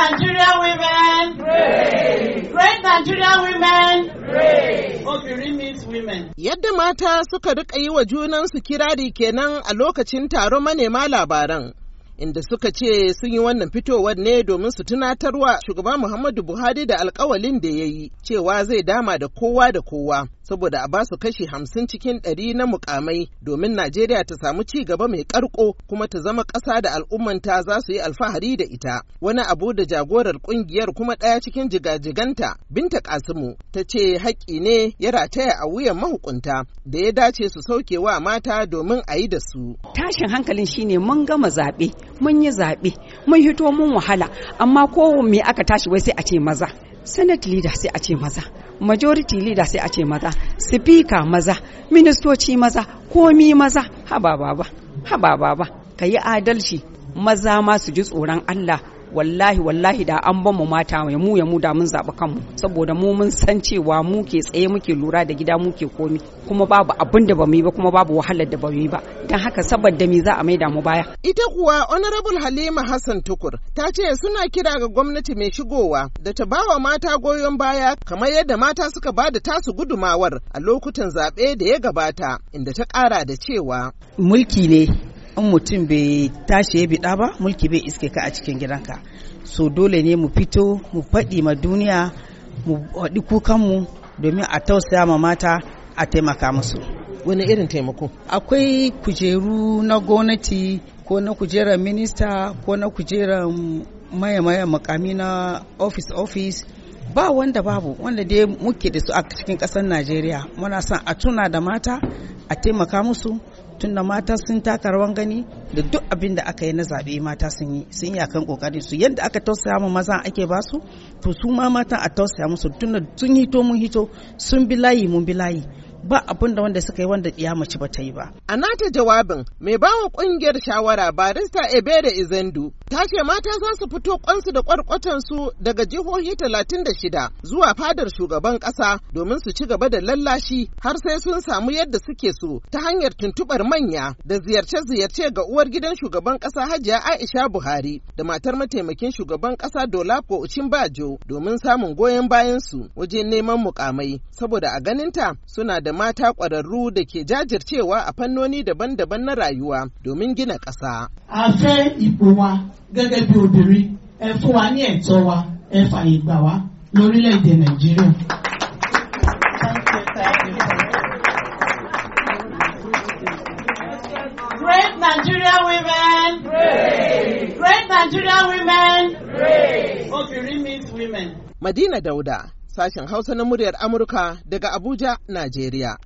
Nigerian women. Pray. Great Nigerian women. women. Yadda mata suka rika yi wa junansu kirari kenan a lokacin taron manema labaran. inda suka ce sun yi wannan fitowar ne domin su tunatarwa shugaba Muhammadu Buhari da alkawalin da ya yi cewa zai dama da kowa da kowa saboda a basu kashi hamsin cikin ɗari na mukamai domin Najeriya ta samu ci gaba mai ƙarƙo kuma ta zama ƙasa da al'ummanta za su yi alfahari da ita. Wani abu da jagorar ƙungiyar kuma ɗaya cikin jigajiganta Binta Kasimu ta ce haƙƙi ne ya rataya a wuyan mahukunta da ya dace su sauke wa mata domin a yi da su. Tashin hankalin shine mun gama zaɓe, mun yi zaɓe, mun hito mun wahala, amma ko me aka tashi wai sai a ce maza. Senate leader sai a ce maza. majority leader sai a ce maza speaker maza ministoci maza komi maza haba baba haba ka yi adalci maza ma su ji tsoron Allah wallahi wallahi da an ban mu mata mai mu ya mu da mun zaɓi kanmu saboda mu mun san cewa mu ke tsaye muke lura da gida muke komi kuma babu abin da ba mu yi ba kuma babu wahalar da ba mu yi ba don haka saboda me za a da mu baya ita kuwa honorable Halima Hassan Tukur ta ce suna kira ga gwamnati mai shigowa da ta bawa mata goyon baya kamar yadda mata suka ba da tasu gudumawar a lokutan zaɓe da ya gabata inda ta ƙara da cewa mulki ne in mutum bai tashi ya biɗa ba mulki bai iske ka a cikin gidanka so dole ne mu fito mu faɗi ma duniya mu faɗi kukanmu domin a tausaya ma mata a taimaka musu wani irin taimako akwai kujeru na gwamnati ko na kujerar minista ko na kujerar maye-maye makami na office-office ba wanda babu wanda dai muke da su a cikin ƙasar najeriya muna son a tuna da mata a taimaka musu tunda mata sun taka rawan gani da duk abin da aka yi na zaɓe mata sun yi sun yi akan kokarin su yadda aka tausaya ma maza ake ba su to su ma mata a tausaya musu tunda sun hito mun hito sun bi layi mun bi layi ba abin da wanda suka yi wanda ya mace ba ta yi ba. A nata jawabin mai bawa kungiyar shawara barista Ebere Izendu ta ce mata za su fito kwansu da su daga jihohi talatin da shida zuwa fadar shugaban kasa domin su ci gaba da lallashi har sai sun samu yadda suke so ta hanyar tuntubar manya da ziyarce-ziyarce ga uwar gidan shugaban kasa Hajiya Aisha Buhari da matar mataimakin shugaban kasa Dolapo Bajo domin samun goyon bayan su wajen neman mukamai saboda a ganinta suna da da mata ƙwararru da ke jajircewa a fannoni daban-daban na rayuwa domin gina ƙasa. A fẹ́ ipò wa gẹ́gẹ́ bí obìnrin, ẹ fún wa ní ẹ̀tọ́ wa, ẹ fààyè gbà wá lórílẹ̀-èdè Nàìjíríà. Great women! Great, women! Obìnrin means women. Madina Dauda Sashen Hausa na muryar Amurka daga Abuja, Najeriya.